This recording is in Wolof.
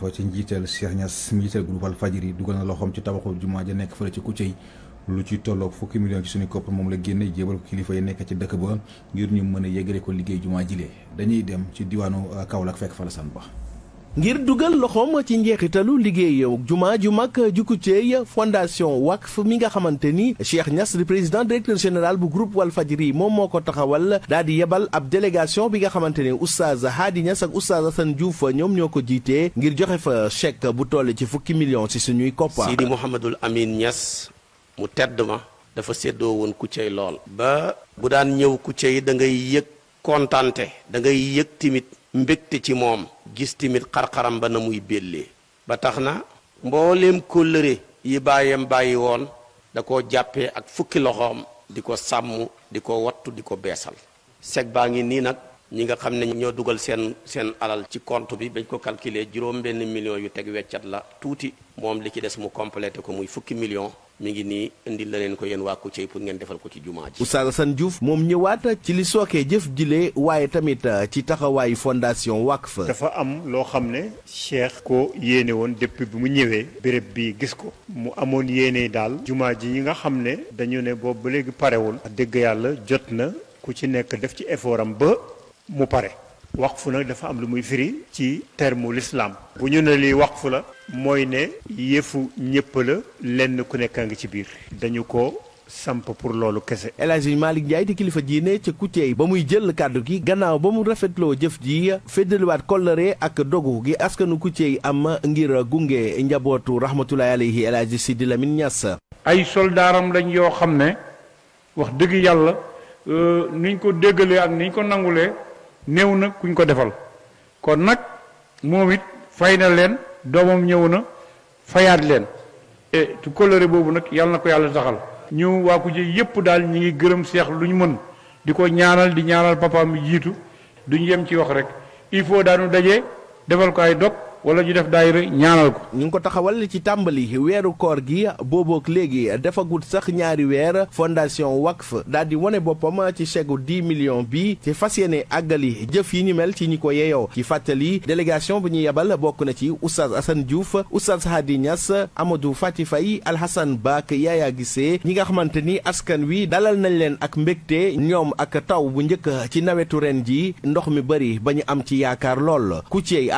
foo ci njiiteel Cheikh Niass njiiteel groupe Walfadjri dugal na loxoom ci tabaxu jumaa ja nekk fële ci Koutiéy lu ci tolloog fukki million ci suñu koppar moom la génne jébal ko kilifa nekk ci dëkk ba ngir ñu mën a yéggale ko liggéey jumaa jile dañuy dem ci diwaanu Kaolack fekk fa Alassane Ba ngir dugal loxoom ci njeexitalu liggéey liggéeyu jumaa ju mag ju kuccéey fondation Wakf mi nga xamante ni Cheikh Niass di président directeur général bu groupe Walfadjri moom moo ko taxawal daal di yebal ab délégation bi nga xamante ni oustaz Hadi Niass ak oustaz Assane Diouf ñoom ñoo ko jiitee ngir joxe fa chèque bu toll ci fukki millions ci suñuy koppa Sidi Mouhamadul Amin Niass mu tedd ma dafa séddoo woon kuccéey lool ba bu daan ñëw kuccéey da ngay yëg kontante da ngay yëg timit mbëgte ci moom gis timit xarxaram ba na muy béllee ba tax na mbooleem kóllëre yi bàyyam bàyyi woon da ko jàppee ak fukki loxoom di ko sàmm di ko wattu di ko beesal seg baa ngi nii nag ñi nga xam ne ñoo dugal seen seen alal ci compte bi bañ ko calculer juróom benn million yu teg weccat la tuuti moom li ci des mu complété ko muy fukki million mi ngi nii indi la leen ko yéen waa Koutié pour ngeen defal ko ci jumaa ji. Oustaz Assane Diouf moom ñëwaat ci li sookee jëf jilee waaye tamit euh, ci taxawaayu fondation Wakf. dafa am loo xam ne. Cheikh ko yéene woon depuis bi mu ñëwee. béréb bi gis ko. mu amoon yéene daal. jumaa ji yi nga xam ne. dañu ne boobu ba léegi parewul. dëgg yàlla jot na ku ci nekk def ci effort ba mu pare. wax fu nag dafa am lu muy firi ci terme lislaam bu ñu ne wax fu la mooy ne yëfu ñëpp la lenn ku nekkaa ngi ci biir dañu ko samp pour loolu kese El Hadji Malick di kilifa diine ca Koutiéy ba muy jël kàddu gi gannaaw ba mu rafetloo jëf ji feddaliwaat kollëre ak dogu gi askanu Koutiéy am ngir gunge njabootu rahmatulahi alayhi El Hadji di Lamine Niass ay soldaaram lañ yoo xam ne wax dëgg yàlla euh, niñ ko déggalee ak niñ ko nangulee néew na kuñ ko defal kon nag moom it fay na leen doomam ñëw na fayaat leen et tu coloré boobu nag yàlla na ko yàlla taxal ñu waa ku jëy yépp daal ñi ngi gërëm seex lu ñu mën di ko ñaanal di ñaanal papaam mi jiitu duñ yem ci wax rek il faut daanu daje defal ko ay dog wala ñu def daayira ñaanal ko. ñu ngi ko taxawal ci tàmbali weeru koor gi boobook léegi defagul sax ñaari weer fondation Wakf daal di wane boppam ci chegu 10 millions bi ci fas yéene àggali jëf yi ñu mel ci ñi ko yeyoo ci fàttali délégation bu ñu yebal bokk na ci Oustaz Assane Diouf Oustaz Hadi Niass Amadou Fati Faye Alhassane Ba ak Yaya ñi nga xamante ni askan wi dalal nañ leen ak mbégte ñoom ak taw bu njëkk ci nawetu ren ji ndox mi bëri ba ñu am ci yaakaar lool ku ci